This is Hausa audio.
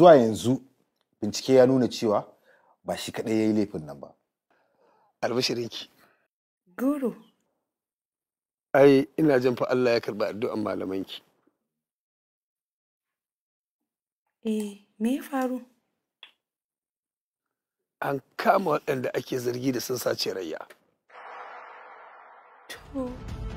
zuwa yanzu bincike ya nuna cewa ba shi kaɗai ya yi laifin nan ba albashirinki guru ai ina jin fa Allah ya karɓi addu'an malamanki eh me ya faru an kama waɗanda ake zargi da sun sace rayya to